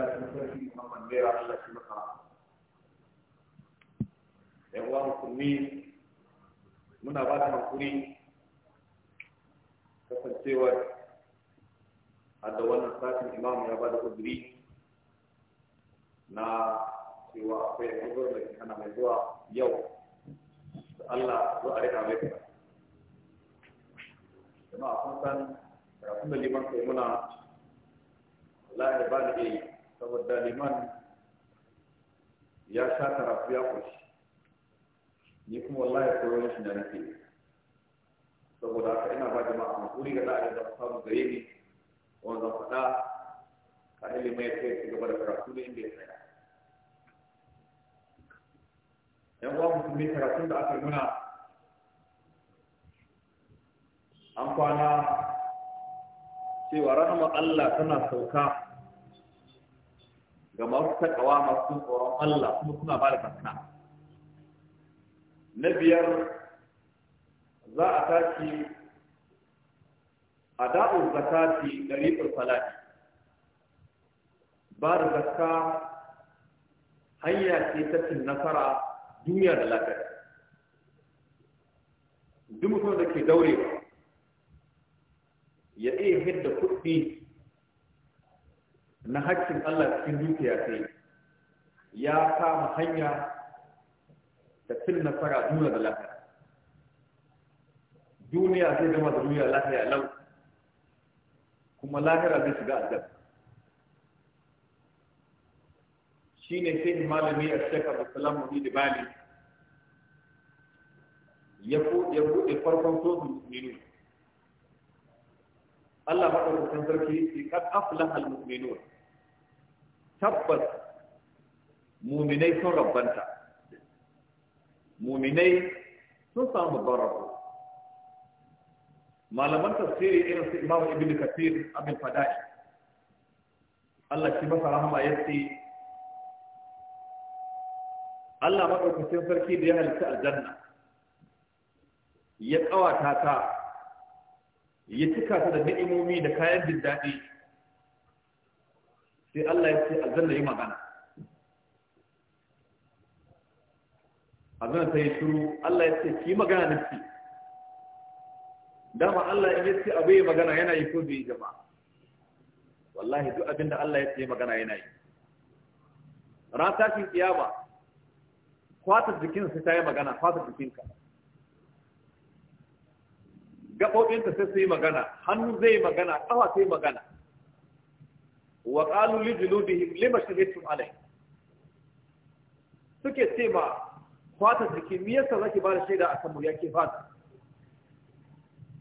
Allah ya sarki Muhammad Bera Allah shi masa rahama yan uwa musulmi muna ba da hakuri kasancewar a da wannan satin imam ya ba da uzuri na cewa akwai yankuwar da ke hana mai zuwa yau da Allah zuwa rika mai kuma jama'a kun san kafin da liman kai muna Allah ya ba da iya saboda liman ya sha karatu ya kushi ni kuma wallahi koyon shi da nake saboda haka ina ba jama'a hankuri ga da'adin da samu gare ni wanda zan faɗa ka ilimin ya kai gaba da karatu ne inda ya tsaya yan uwa musulmi karatun da aka nuna an kwana cewa rahama Allah tana sauka ga masu takawa masu tsoron Allah kuma suna ba da gaska na biyar za a tashi a da zakati ɗariƙar falaki ba da zakka hanya ce ta cin nasara duniya da lafiya duk da ke daurewa ya iya hidda kuɗi na haƙƙin Allah cikin dukiya sai ya kama hanya da cin nasara duniya da lafiya duniya zai gama da duniya lafiya lau kuma lahira zai shiga azab shi ne sai malami a shekar Salamu ni da bani ya buɗe farkon sosu minu Allah maɗaukakin sarki ce kan aflaha al-mu'minun tabbas muminai sun rabbanta muminai sun samu barabu malaman tafsiri irin su imamu ibn kafir abin fada'i Allah shi masa rahama ya ce Allah maɗaukacin sarki da ya halitta aljanna ya ƙawata ta ya cika ta da ni'imomi da kayan jin daɗi sai Allah ya ce aljanna yi magana aljanna ta yi shiru Allah ya ce ki magana da ki dama Allah ya ce abu yi magana yana yi ko bi yi jama'a wallahi duk abinda Allah ya ce magana yana yi ran tashin kiyama fatar jikin sai ta yi magana fatar jikinka gaɓoɓinka sai su yi magana hannu zai magana ƙawa sai magana wa qalu li juludihim lima shahidtum alai suke ce ma fata jiki me yasa zaki ba da shaida akan mu ke fata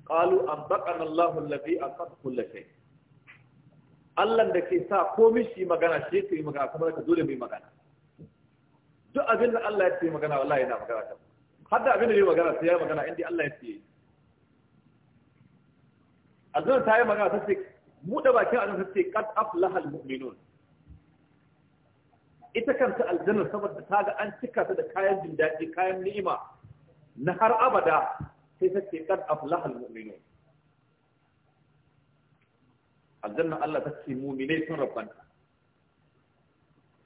qalu an baqana Allahu allazi aqad kulli shay Allah da ke sa komai shi magana shi ke magana kuma ka dole mai magana duk abin da Allah ya ce magana wallahi yana magana ta har da abin da ya magana sai ya magana inda Allah ya ce azan ta yi magana ta ce buɗe bakin aljanna sai qad aflahal mu'minun ita kanta aljanna saboda ta ga an cika ta da kayan jin daɗi kayan ni'ima na har abada sai ta ce qad aflahal mu'minun aljanna Allah ta ce mu'minai sun rabbanta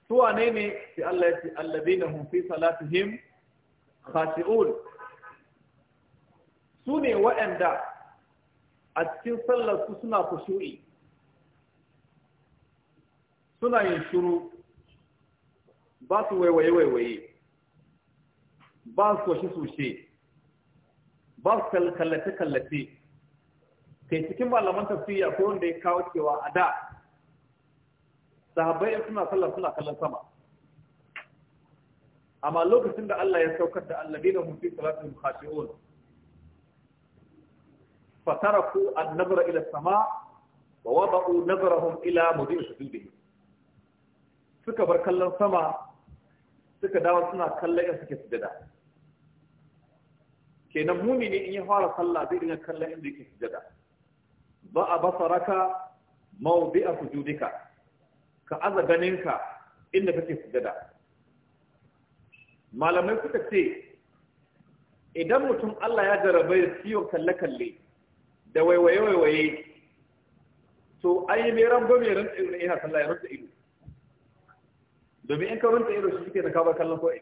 su wane ne sai Allah ya ce alladheena hum fi salatihim khashi'un su ne waɗanda a cikin sallar su suna kushu'i suna yin shiru ba su waiwaye-waiwaye ba su soshe-soshe ba su kallace-kallace kai cikin malaman tafiya ko wanda ya kawo cewa a da sahabbai suna sallar suna kallon sama amma lokacin da Allah ya saukar da alladina hum fi salatihim khashi'un fataraku an-nazara ila sama wa wada'u nazarahum ila mudin sujudihim suka bar kallon sama suka dawo suna kallon yan suke sujada kenan mumini in ya fara sallah zai dinga kallon inda yake sujada ba a basaraka mawdi'a sujudika ka aza ganinka inda kake sujada malamai suka ce idan mutum Allah ya jarabai da ciwon kalle-kalle da waiwaye-waiwaye to an yi mai rango mai rantsa ido yana sallah ya rantsa ido domin in ka runta ido shi suke da kabar kallon ko'e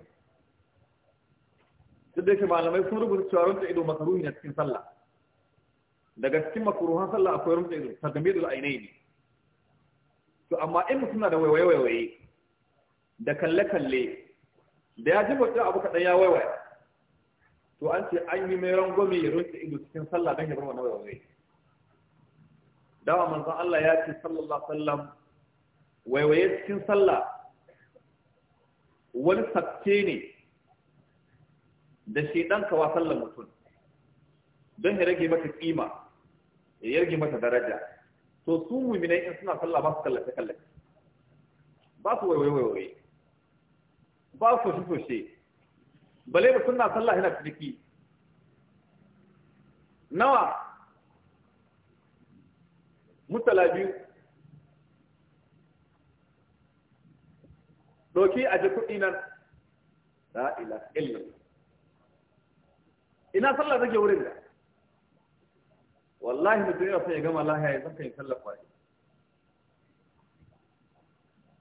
duk da ke malamai sun rubuta cewa runta ido makaruhi na cikin sallah daga cikin makaruhan sallah akwai runta ido tagamidul ainai ne to amma in mutum na da waiwaye da kalle-kalle da ya ji mutum abu kaɗan ya waiwaya to an ce an yi mai rangwame ya runta ido cikin sallah don ya bar wannan waiwaye dawa manzon Allah ya ce sallallahu alaihi wasallam waiwaye cikin sallah wani sabke ne da shaidan ka wasan mutum don ya rage mata kima ya yarge mata daraja to su mu'minai in suna sallah ba su kallace kallace ba su waiwai waiwai ba su soshe soshe bale da suna sallah yana ciki nawa mutala biyu doki aje kuɗi nan la ila illa. ina sallah take wurin da wallahi mutum ya son ya gama lahiya ya san kan sallah kwari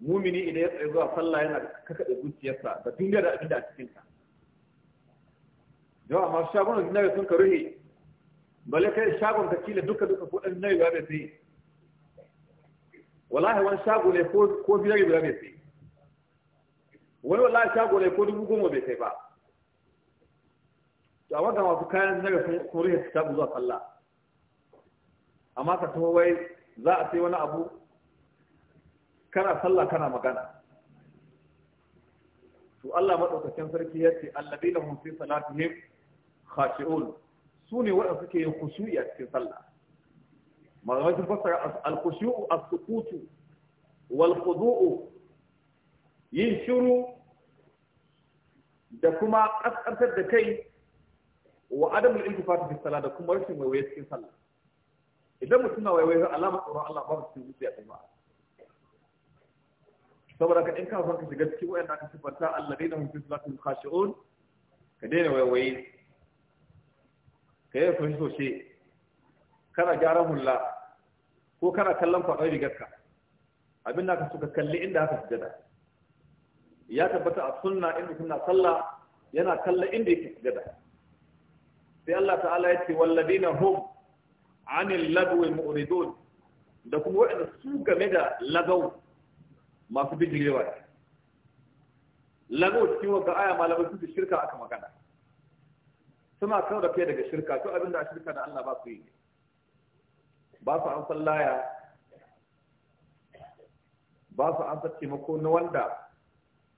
mumini idan ya tsaye zuwa sallah yana da zuciyarsa da dinga da abinda a cikin ta yawa masu da zinawe sun ka bale kai shagon ka kila duka duka ko dan zinawe ba bai sai wallahi wani shago ne ko biyar ba bai sai wani wallahi shago ne ko dubu goma bai kai ba to amma ga masu kayan daga sun rufe shago zuwa sallah amma ka taho wai za a sai wani abu kana sallah kana magana to Allah madaukakin sarki ya ce alladina hum fi salatihim khashi'un su ne waɗanda suke yin khushu'i a cikin sallah magana sun fassara al-khushu'u as-sukutu wal khudu'u yin shiru da kuma ƙasƙantar da kai wa adamul iltifat fi salat da kuma rashin waiwaye cikin sallah idan mutum na waiwaye alama tsoron Allah ba cikin zuciya kuma saboda ka in ka farka shiga cikin wayannan ka sifanta alladina hum fi salatin khashi'un ka daina waiwaye ka yi fashi sosai kana gyaran hula ko kana kallon faɗar rigarka abin da ka suka kalli inda haka sujada ya tabbata a sunna inda suna sallah yana kalla inda yake sujada sai Allah ta'ala ya ce walladina hum anil lagwi mu'ridun da kuma waɗanda su game da lagaw masu bijirewa lagaw cikin wata aya malamai su shirka aka magana suna kawo da kai daga shirka to abinda a shirka da Allah ba su yi ba su an sallaya ba su an mako na wanda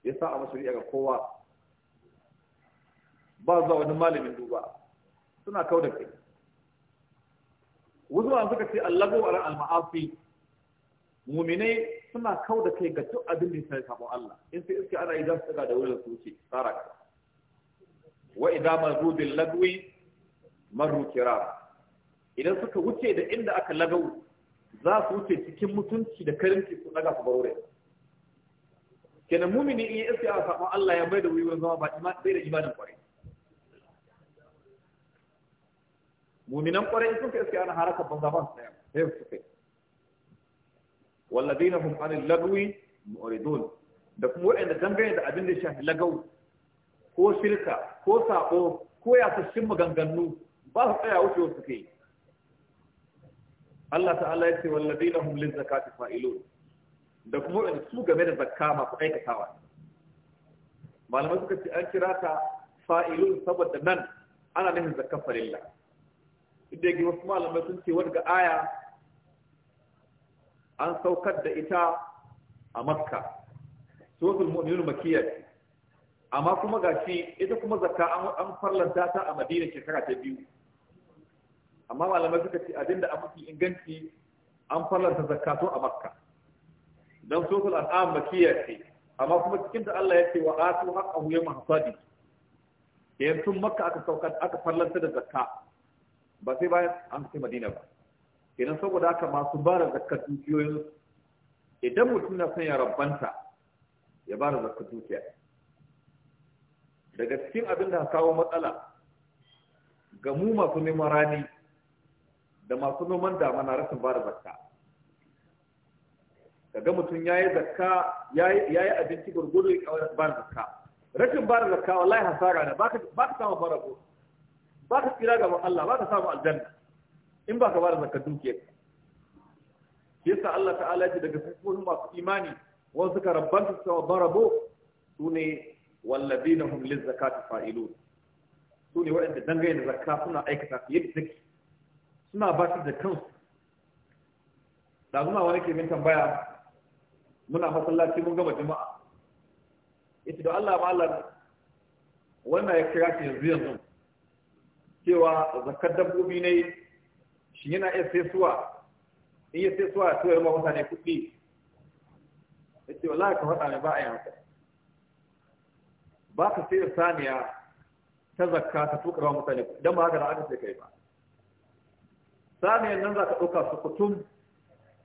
ya sa a masu riya ga kowa ba zuwa wani malamin duba suna kau da kai wuzuwa an suka ce allabo a ran alma'afi muminai suna kau da kai ga duk abin da ya sai sabon Allah in sai iske ana idan suka da wurin su wuce, tsara ka wa idan marru lagwi marru idan suka wuce da inda aka lagau za su wuce cikin mutunci da karinci su daga su bar wurin kenan mumini in yi iska a sabon Allah ya bai da wuyan zama ba bai da imanin kwarai muminan kwarai sun ka iska ana harakar banza ba su ɗaya, sai su kai walladina hum lagwi mu'ridun da kuma waɗanda dangane da abin da shafi lagau ko shirka ko saƙo, ko ya sashin maganganu ba su tsaya wucewa su kai Allah ta'ala ya ce walladina hum lin zakati fa'ilu. da kuma wani su game da zakka masu aikatawa malamai suka ce an kira ta fa'ilun saboda nan ana nufin zakka farilla inda yake wasu malamai sun ce wadda aya an saukar da ita a makka suratul mu'minun makiyar. amma kuma gashi ita kuma zakka an farlanta ta a madina shekara ta biyu amma malamai suka ce abinda a mafi inganci an farlanta zakka to a makka don suratul an'am makiyya ce amma kuma cikin da Allah ya ce wa atu haqqahu yawma hasadi yayin tun makka aka sauka aka fallanta da zakka ba sai bayan an kai madina ba kenan saboda haka masu ba da zakka dukiyoyin idan mutum na san ya rabbanta ya ba da zakka dukiya daga cikin abin da kawo matsala ga mu masu neman rani da masu noman damana rashin ba da zakka kaga mutum yayi zakka yayi yayi abinci gurgudu ya ba zakka rashin ba da zakka wallahi hasara ne baka baka samu Ba baka tsira ga Allah baka samu aljanna in baka ba da zakka dukiyar yasa Allah ta'ala ji daga sifofin masu imani wa suka rabbanta su barabo sune walladina hum zakati fa'ilun sune waɗanda dangane da zakka suna aikata yadda take suna ba da kansu da kuma wani ke min tambaya muna masallaci mun gama jama'a ita da Allah malam wannan ya kira shi yanzu yanzu cewa zakar dabbobi ne shi yana iya sai suwa in ya sai suwa to ya ma mutane kuɗi ya ce wallahi ka faɗa ne ba a yi ba ka sai saniya ta zakka ta tuka ba mutane don ba haka da aka sai kai ba saniyan nan za ka ɗauka su kutum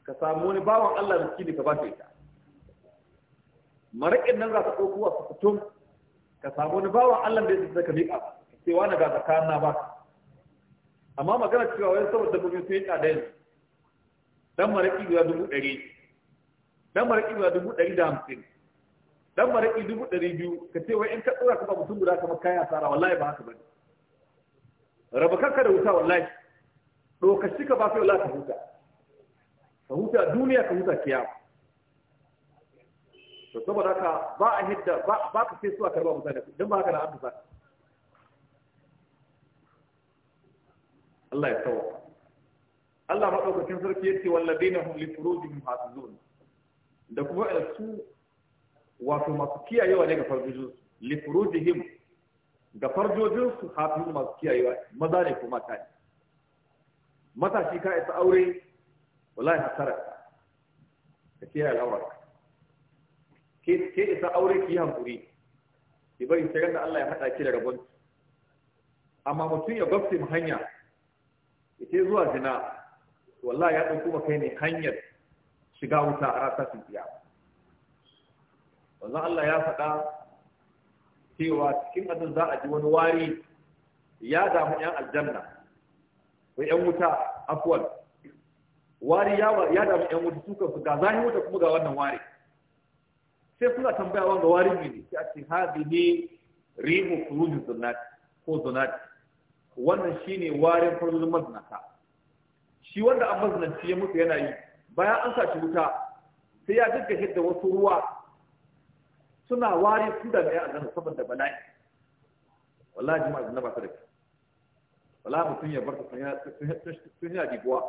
ka samu wani bawan Allah miskini ka ba ka ita maraƙin nan za ka ɗauko a fito? ka samu wani bawa Allah da ya zaka miƙa ka ce ga tsakanin na ba amma magana cewa wai saboda dabbobin sai yi dai dan maraƙi guda dubu ɗari dan maraƙi guda dubu ɗari da hamsin dan maraƙi dubu ɗari biyu ka ce wai in ka ɗora ka ba mutum guda kamar kaya sara wallahi ba haka ba ne raba kanka da wuta wallahi ɗaukaci ka ba sai wallahi ka huta ka huta duniya ka huta kiyama to saboda haka ba a hidda ba ka sai su karba mutane don ba haka na amsa Allah ya tsawo Allah maɗaukakin sarki ya ce wallabe na hum lifurujin hafizun da kuma su wato masu kiyayewa ne ga farjojin su, lifurujihim ga farjojin su hafizun masu kiyayewa maza ne kuma ta ne matashi ka isa aure wallahi hasara ka kiyaye al'aurarka ke isa aure ki yi hankuri ki bari sai da Allah ya haɗa ki da rabon amma mutum ya gwabce hanya ita zuwa zina wallahi ya ɗauko maka ne hanyar shiga wuta a rasa tsiya. biya wannan Allah ya faɗa cewa cikin azan za a ji wani wari ya damu ‘yan aljanna ko ‘yan wuta afwal wari ya damu ‘yan wuta suka ga zahin wuta kuma ga wannan wari sai suna tambaya wanga wari ne sai a ce ne rihu khuruj zunat ko zunat wannan shine warin farzul mazinata shi wanda an mazinanci ya mutu yana yi bayan an saci wuta sai ya dinka da wasu ruwa suna wari su da mai azana saboda bala'i wallahi jama'a zuna ba su da wala mutum ya barta sun yana diguwa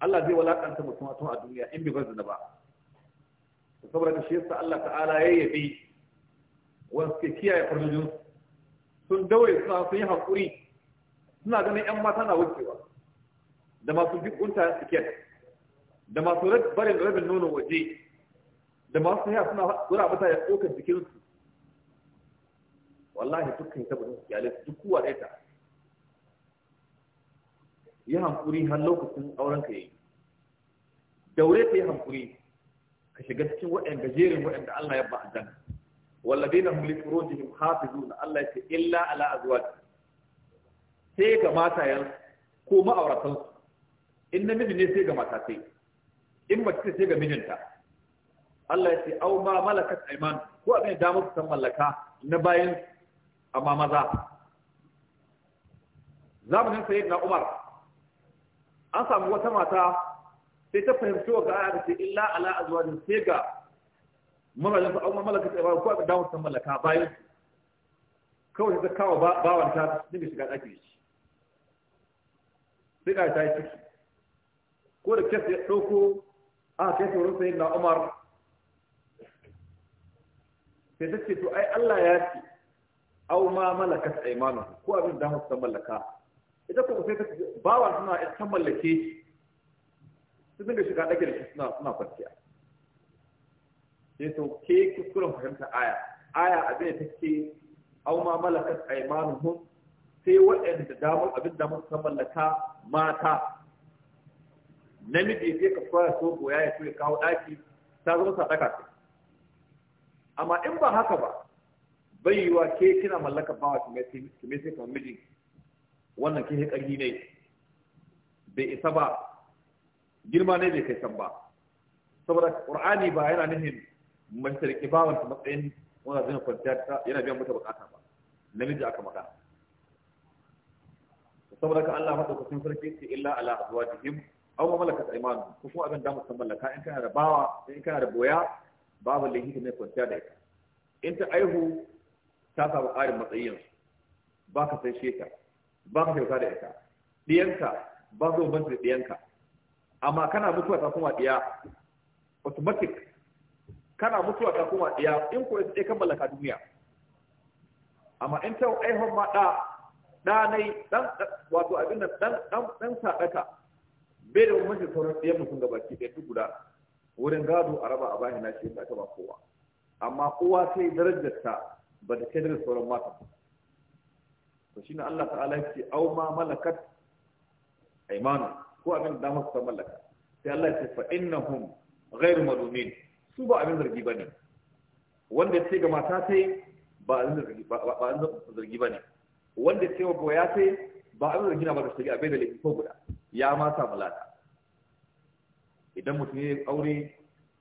Allah zai walakanta mutum a duniya in bai bar zuna ba saboda shi yasa Allah ta'ala ya yabi wasu ke kiyaye farjojin sun daure suna sun yi hakuri suna ganin yan mata na wucewa da masu su ke da masu barin rabin nono waje da masu haya suna zura mata ya tsokar jikinsu wallahi dukkan ita bada iyalai su duk kowa ɗaya yi hankuri har lokacin auren ka yi daure ta yi hankuri ka shiga cikin waɗanda jerin waɗanda Allah ya ba aljanna walladina hum li furujihim hafizun Allah ya ce illa ala azwajihim sai ga matayen ko ma'auratan su in namiji ne sai ga matatai in mace sai ga mijinta Allah ya ce au ma malakat ayman ko abin da musu san mallaka na bayan amma maza zamanin sayyidina Umar an samu wata mata sai ta fahimci wa ga'a da ce illa ala azwajin sai ga mamalin su auma malaka tsaye ba ko abin damar san mallaka bayan kawai ta kawo bawan ta dinga shiga ɗaki shi sai ga ta yi ciki ko da kes ya ɗauko a kai sauran sayin na umar sai ta ce to ai allah ya ce au ma malaka tsaye ko abin damar san mallaka ita ko sai ta bawan suna ta mallake shi sun dinga shiga ɗage da shi suna kwanciya sai eh sau ke kuskuren fahimta aya aya abin da take au ma malakat aymanuhum sai waɗanda damar abin da ta mallaka mata namiji sai ka fara so goya ya so ya kawo ɗaki ta zama sadaka ta. amma in ba haka ba bai yiwa ke kina mallaka bawa kuma sai kuma miji. wannan ke ƙarfi ne bai isa ba girma ne bai kai can ba saboda qur'ani ba yana nufin mace da kibawan ta matsayin wanda zai kwanciya ta yana biyan mata bukata ba namiji aka maka. saboda ka Allah madaukakin sarki ce illa ala azwajihim aw ma malakat aymanuhum ko kuma abin da mu mallaka in kana da bawa in kana da boya babu lahi ne kwanciya da ita in ta aihu ta samu ƙarin matsayin ba ka sai sheka ba ka kyauta da ita ɗiyanka ba ka bambanta da ɗiyanka amma kana mutuwa ta kuma ɗiya automatic kana mutuwa ta kuma ɗiya in ko sai kan mallaka duniya amma in ta aihon ma ɗa ɗa ɗan wato abin nan ɗan ɗan bai da mace sauran ɗiyan mutum gaba ɗaya duk guda wurin gado a raba a bayan na shi ta aka ba kowa amma kowa sai darajarta ba ta kai da sauran mata to shine Allah ta'ala ya ce au ma malakat aymanu ko abin da masu su mallaka sai Allah ce fa innahum ghairu malumin su ba abin zargi bane wanda ce ga mata sai ba abin zargi ba abin zargi bane wanda ce wa boya sai ba abin zargi na ba da shari'a bai da laifi ko guda ya ma samu lada idan mutum ya aure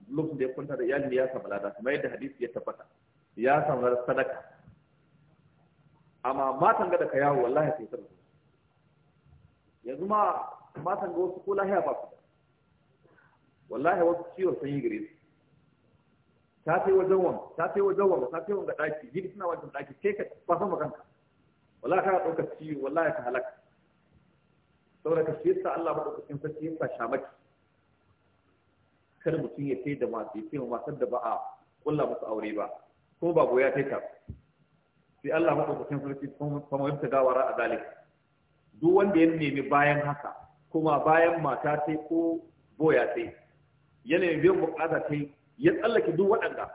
lokacin da ya kwanta da iyali ya samu lada kuma yadda hadisi ya tabbata ya samu lada sadaka amma matan ga da ka yawo wallahi sai sadaka yanzu ma amma san ga wasu ko lahiya ba su wallahi wasu ciwon sanyi gare su ta kai wajen wanga ta kai wajen wanga ta kai wanga daki ji suna wajen daki Ke ka ba san makanka wallahi kana ɗaukar ciwo wallahi ka halaka saboda ka shi yasa Allah madaukakin sarki sha maki. kar mutum ya kai da masu ya kai matar da ba a kulla musu aure ba ko ba goya kai ka sai Allah madaukakin sarki kuma ta gawara a zalik duk wanda ya nemi bayan haka kuma bayan mata sai ko boya sai yanayin biyan bukata sai ya tsallake duk waɗanda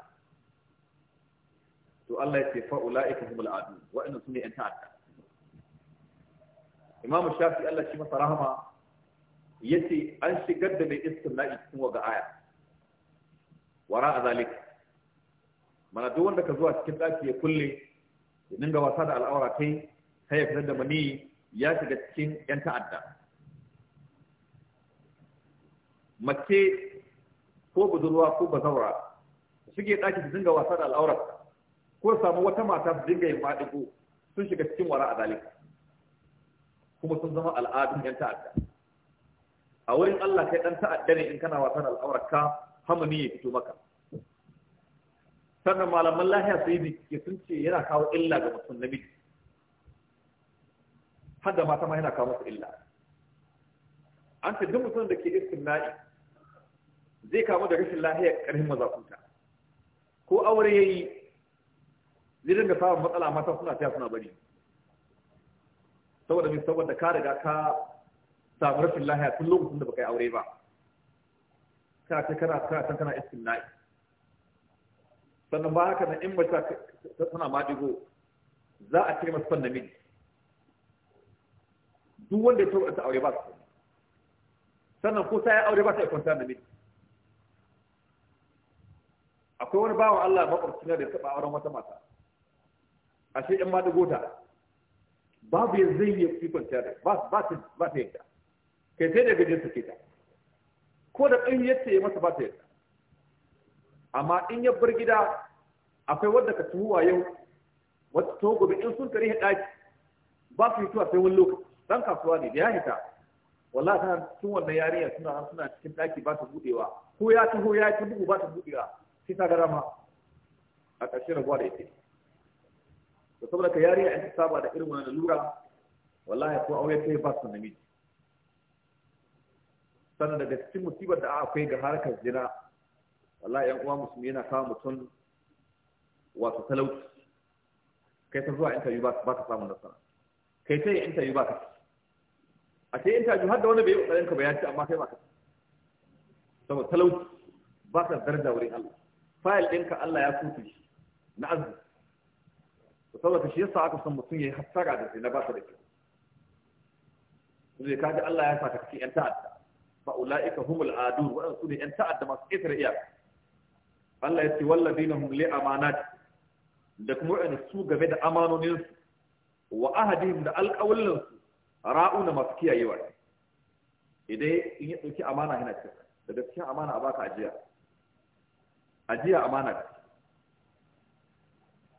to Allah ya ce fa'ula fa'ula'ika humul adu waɗanda su ne ‘yan ta'adda imamu shafi Allah shi masa rahama ya ce an shigar da mai istimna'i cikin waga aya wara a zalika mana duk wanda ka zuwa cikin ɗaki ya kulle ya dinga wasa da al'aura kai sai ya fitar da mani ya shiga cikin ‘yan ta'adda mace ko budurwa ko bazawara, suke ɗaki su dinga wasa da al'aurar ko samu wata mata su dinga yin faɗigo sun shiga cikin wara a zalika kuma sun zama al'adun yan ta'adda a wurin Allah kai ɗan ta'adda ne in kana wasa da al'aurar ka hamani ya fito maka sannan malaman lahiya su yi bincike sun ce yana kawo illa ga mutum namiji har da mata ma yana kawo masa illa an ce duk mutum da ke istimna'i zai kamu da rashin lahiyar ƙarfin mazakuta ko aure ya yi zirin da samun matsala mata suna taya suna bari saboda mai saboda ka riga ka samu rashin lahiya tun lokacin da baka yi aure ba ka ce kana kana ta kana iskin na'i sannan ba haka na in mace tana madigo za a cire masu son namiji duk wanda ya taɓa aure ba su sannan ko ta yi aure ba ta yi na namiji akwai wani bawan Allah makwabci na da taɓa auren wata mata ashe ɗan ma gota ta babu ya zai yi fi kwanciya da ba ba ta ba ta yadda kai sai da gajin ke ta ko da ɗan yadda ya masa ba ta yadda amma in ya bar gida akwai wadda ka tuhuwa yau wata ta gobe in sun kare ɗaki ba su hituwa sai wani lokaci dan kasuwa ne da ya hita wallahi ta tun wannan yarinya suna suna cikin ɗaki ba ta buɗewa ko ya taho ya ci bugu ba ta buɗewa kisa ta garama a ƙarshen rabuwa da ita da saboda ka yari a ta saba da irin wani lura wallahi ko aure sai ba su namiji sannan daga cikin musibar da akwai ga harkar jina wallahi yan uwa musulmi yana kawo mutum wato talauci kai ta zuwa interview ba ka samun nasara kai ta yi interview ba ka a ce interview har da wani bai yi ƙoƙarin ka ba ya ci amma kai ba ka saboda talauci ba ka daraja wurin Allah fayil ɗinka Allah ya kuce shi na azumi, to saboda shi yasa aka san mutum ya yi hassara da ina ba ta da kyau zai kaji Allah ya saka cikin yan ta'adda fa ulaika humul adun wa su ne yan ta'adda masu ƙetare iyaka Allah ya ce walladina hum li amanati da kuma wani su game da amanonin su wa ahadihim da alƙawlin su ra'una masu kiyayewa in ya dauki amana yana cikin da gaskiya amana a baka ajiya ajiya amana ka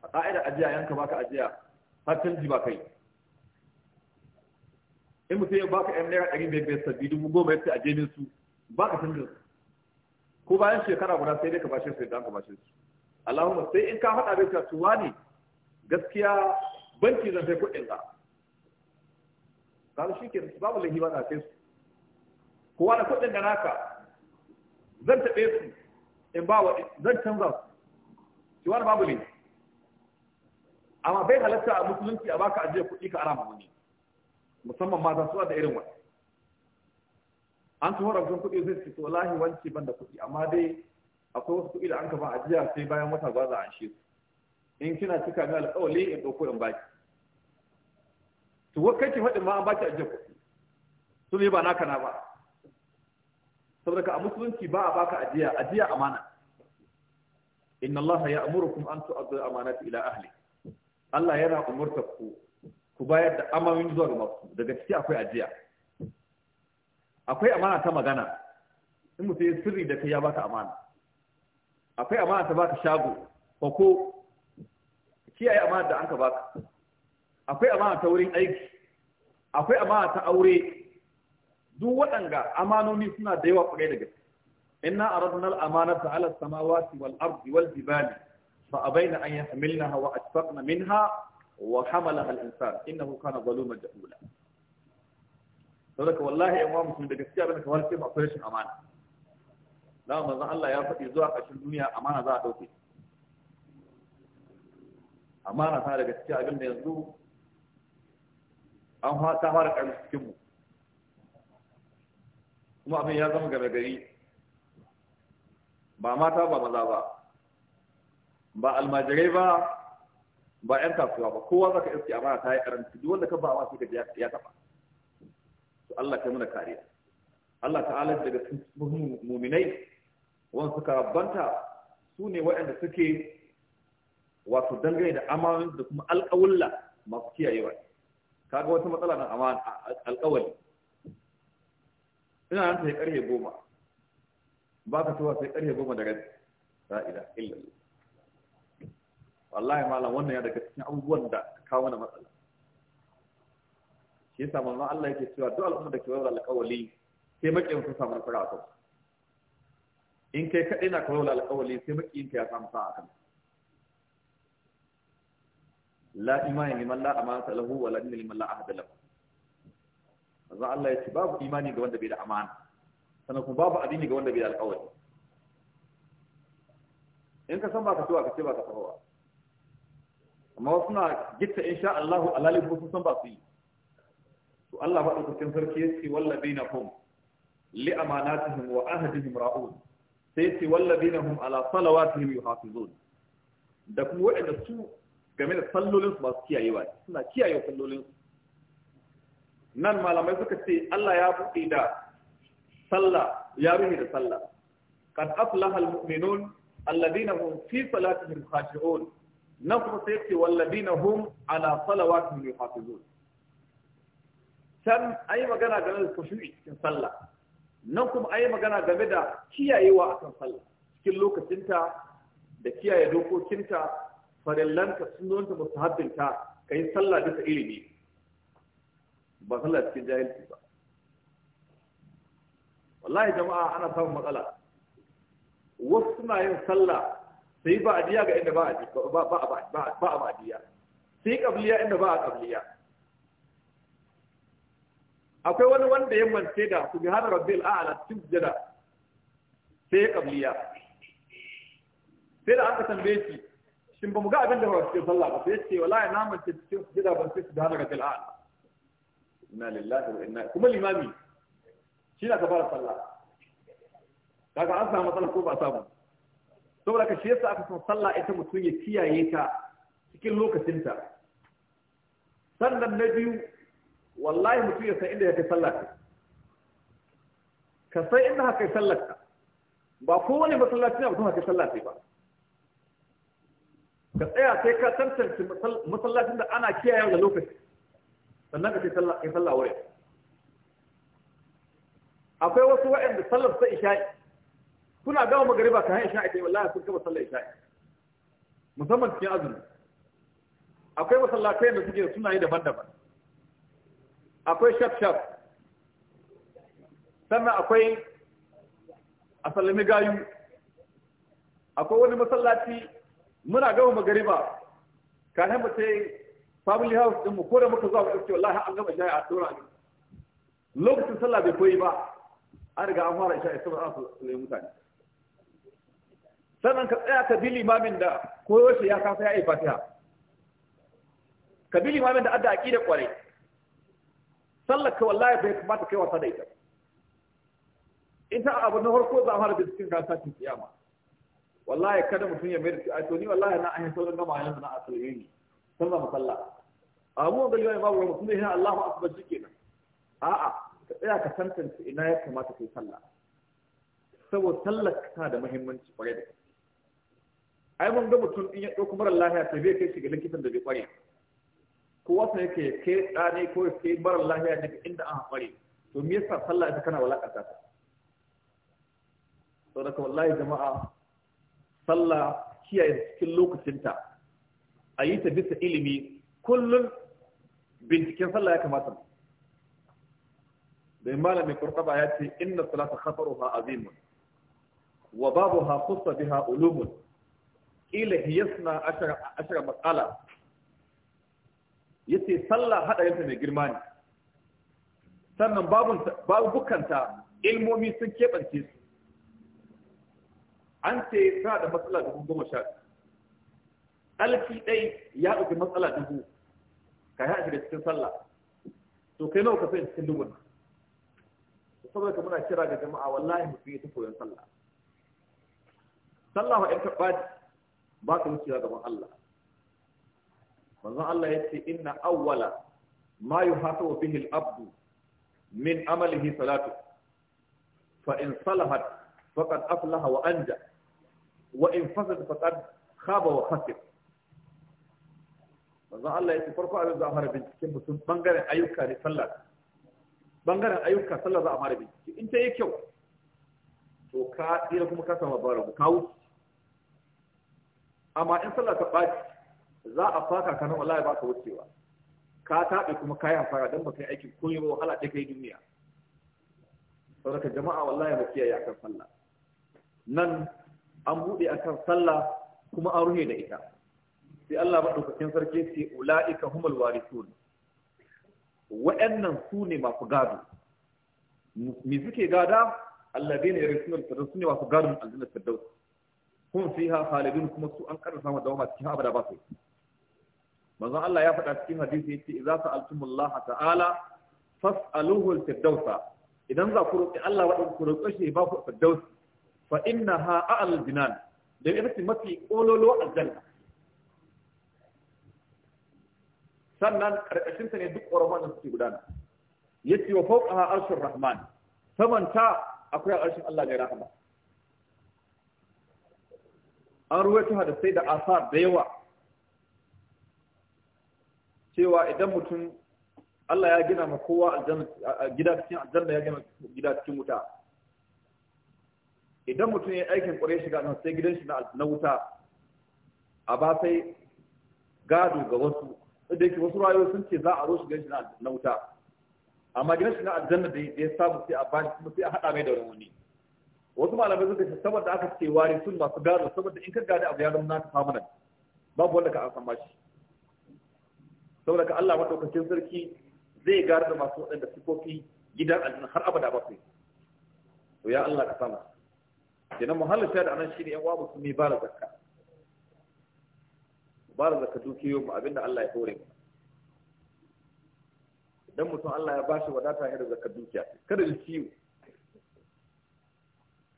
a ƙa'ida ajiya yanka baka ajiya har canji ba kai in mutum ya baka yan naira ɗari biyar biyar sabbi dubu goma ya ce a jemin su baka canjin su ko bayan shekara guda sai dai ka bashe su idan ka bashe su Allahumma sai in ka faɗa bai ta tuwa ne gaskiya banki zan sai kuɗin ka kaga shi ke babu lahi ba na kai su kowa da kuɗin da naka zan taɓe su in ba wa zan canza su shi wani babu ne amma bai halatta a musulunci a baka ajiye kuɗi ka arama wani musamman za su da irin wani an tuho rabin kuɗi zai ce to lahi wanci ban da kuɗi amma dai akwai wasu kuɗi da an kafa ajiya sai bayan wata ba za a shi su in kina cika ga alƙawali in ɗauko in baki to kai ki faɗin ma an baki ajiye kuɗi su ne ba naka na ba saboda a musulunci ba a baka ajiya ajiya amana inna allaha ya'murukum an tu'addu al-amanati ila ahli Allah yana umurta ku ku bayar da amanin zuwa ga masu daga ciki akwai ajiya akwai amana ta magana in mutum ya sirri da kai ya baka amana akwai amana ta baka shago ko kiyaye amana da an ka baka akwai amana ta wurin aiki akwai amana ta aure duk waɗanga amanoni suna da yawa kwarai da gaske inna aradna al ta ala samawati wal ardi wal jibali fa a abaina an hawa a yahmilnaha wa ashfaqna minha wa hamalaha al-insan na kana zaluman jahula ka wallahi yan wa mutum da gaskiya bane kawai sai akwai rashin amana da manzon Allah ya faɗi zuwa ƙarshen duniya amana za a ɗauke. amana ta daga cikin abin da yanzu an ta fara ƙarfi cikinmu. kuma abin ya zama game gari ba mata ba maza ba ba almajirai ba ba 'yan kasuwa ba kowa za zaka iske amana ta yi karanci duk wanda ka ba wa sai ya taba to Allah ta mana kariya Allah ta'ala daga mu'minai wanda suka su ne waɗanda suke wato dangane da amanin da kuma alƙawulla masu kiyayewa kaga wata matsala na amana alƙawali ina nan sai karhe goma ba ka tuwa sai karhe goma rai. sa'ida illa wallahi malam wannan ya daga cikin abubuwan da kawo na matsala shi yasa manzon Allah yake cewa duk al'umma da ke wayar alƙawali sai makiyin sun samu nasara a kansu in kai kaɗai na kawo alƙawali sai makiyin ka ya samu sa'a a kansu la imani liman la amanata lahu wa la dinu liman la ahada lahu azan Allah ya ce babu imani ga wanda bai da amana sannan kuma babu addini ga wanda bai da alƙawari in ka san ba ka so ka ce ba ka tahowa amma wasu na gitta insha Allah alali ko sun san ba su yi to Allah faɗi dukkan sarki ya ce wallabina hum li amanatihim wa ahdihim ra'un sai ce wallabina hum ala salawatihim yuhafizun da kuma waɗanda su game da sallolinsu ba su masu kiyayewa suna kiyaye sallolinsu nan malamai suka ce Allah ya buɗe da sallah ya rufe da sallah kad aflaha almu'minun alladhina hum fi salatihim khashi'un nan kuma sai ce walladhina hum ala salawatihim yuhafizun can ayi magana game da khushu'i cikin sallah nan kuma ayi magana game da kiyayewa akan sallah cikin lokacinta da kiyaye dokokinta farillanta sunonta mustahabbinta kai sallah duka ilimi بغلت في جاهل كبا والله يا جماعة أنا سوف مغلا وصنا يصلى سيبا عديا إن با عديا با با عديا سيك أبليا إن با أبليا أكوي وان وان دي يمن سيدا سبحان رب الأعلى تجدا سيك أبليا سيدا أكا تنبيتي شمبا مغا أبن دهو سيصلى بس يتشي ولا ينامن تجدا بان سيدا رب الأعلى inna lillahi wa inna kuma limami shi na fara sallah kaga an samu matsala ko ba samu saboda ka shi yasa aka san sallah ita mutum ya kiyaye ta cikin lokacinta sannan na biyu wallahi mutum ya san inda ya kai sallah ka san inda haka sallah ka ba kowane masallaci na mutum haka sallah ba ka tsaya sai ka tantance masallacin da ana kiyaye da lokaci sannan ka ce sallah kai sallah wurin akwai wasu wa'in da sallar ta isha'i suna gama magariba ka hanyar isha'i kai wallahi sun gama sallar isha'i musamman cikin azumi akwai masallatai da suke suna yi daban-daban akwai shaf-shaf sannan akwai a sallami gayu akwai wani masallaci muna gama magariba ka hanyar mutai family house din mu ko da muka zuwa mu ce wallahi an gama shayi a dora ne lokacin sallah bai koyi ba an riga an fara shayi saboda an su ne mutane sannan ka tsaya ka bi limamin da koyo shi ya kasa ya yi fatiha ka bi limamin da adda aqida kwarai sallar ka wallahi bai kamata kai wasa da ita ita abu na farko za a fara cikin kasa sa kiyama wallahi kada mutum ya mai da to ni wallahi na an yi sauran gama yanzu na asali ne sallar musalla abubuwan galiba babu rama kuma yana Allahu akbar shi a a'a ka tsaya ka tantance ina ya kamata kai sallah saboda sallar ta da muhimmanci kwarai da ai mun ga mutum in ya ɗauko mara lahiya ta bai kai shiga ga likitan da bai kware ko wasa yake kai dane ko kai mara lahiya daga inda an kware to me yasa sallah ita kana walakanta ta saboda wallahi jama'a sallah kiyaye cikin lokacinta a yi ta bisa ilimi kullum binciken sallah ya kamata da malamin kurkaba ya ce inna salata khasaruha azimun wa babuha khussa biha ulumun ila hiyasna ashara matsala. Ya ce sallah hadarinta mai girma ne sannan babu bukanta ilmomi sun keɓance su an ce ta da matsala dubu goma sha alki ɗai ya ɗauki matsala dubu ka yi shiga cikin sallah to kai nawa ka sai cikin dubun saboda muna kira ga jama'a wallahi mu fiye ta koyon sallah sallah ma'in karɓa ba ka wuce gaban Allah manzon Allah ya ce inna awwala ma yuhasabu bihi al-abdu min amalihi salatu fa in salahat faqad aflaha wa anja wa in fasad faqad khaba wa khasir manzo Allah ya ce farko abin za a fara binciken mutum bangaren ayyuka ne sallah bangaren ayyuka sallah za a fara bincike in ta yi kyau to ka tsira kuma ka samu barabu ka wuce amma in sallah ta ɓaci za a faka ka nan wallahi ba ka wucewa ka taɓe kuma ka yi hasara don ba ka yi aikin kun yi wahala ɗaya ka yi duniya saboda jama'a wallahi ba kiyaye akan sallah nan an buɗe akan sallah kuma an ruhe da ita sai Allah maɗaukakin sarki ce ula'ika humul warisun wa'annan su ne masu gado me suke gada Allah bai alladheena yarithuna al-firdaus su ne masu gado aljanna firdaus hum fiha khalidun kuma su an karanta mu dawama cikin abada ba su manzon Allah ya faɗa cikin hadisi ya yace idza sa'altumullaha ta'ala fas'aluhu al-firdaus idan za ku roƙi Allah waɗanda ku roƙo shi ba ku firdaus fa innaha a'al jinan da ita ce mafi kololo aljanna sannan karkashin ta ne duk ƙoramar da suke gudana Ya ce wa a arshin rahman samanta akwai arshin Allah mai rahama an ruwaito sai da asar da yawa cewa idan mutum Allah ya gina ma kowa gida cikin aljanna ya gina gida cikin wuta idan mutum ya aikin ƙure shiga nan sai gidan shi na wuta a ba sai gado ga wasu da yake wasu rayuwa sun ce za a zo shiga shi na wuta amma gina shi na aljanna da ya samu sai a bani kuma sai a haɗa mai da wani wasu malamai suka ce saboda aka ce wari sun masu gado saboda in ka gada abu ya zama naka nan babu wanda ka an san bashi saboda ka Allah madaukakin sarki zai gara da masu waɗanda sifofi gidan aljanna har abada ba su to ya Allah ka sama kenan muhallin da anan shi ne yan uwa musulmi ba da zakka ba da zaka dukiyo mu abinda Allah ya hore mu idan mutum Allah ya bashi wadata ya da zaka dukiya kada ya ciwo